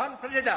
Pan Preda.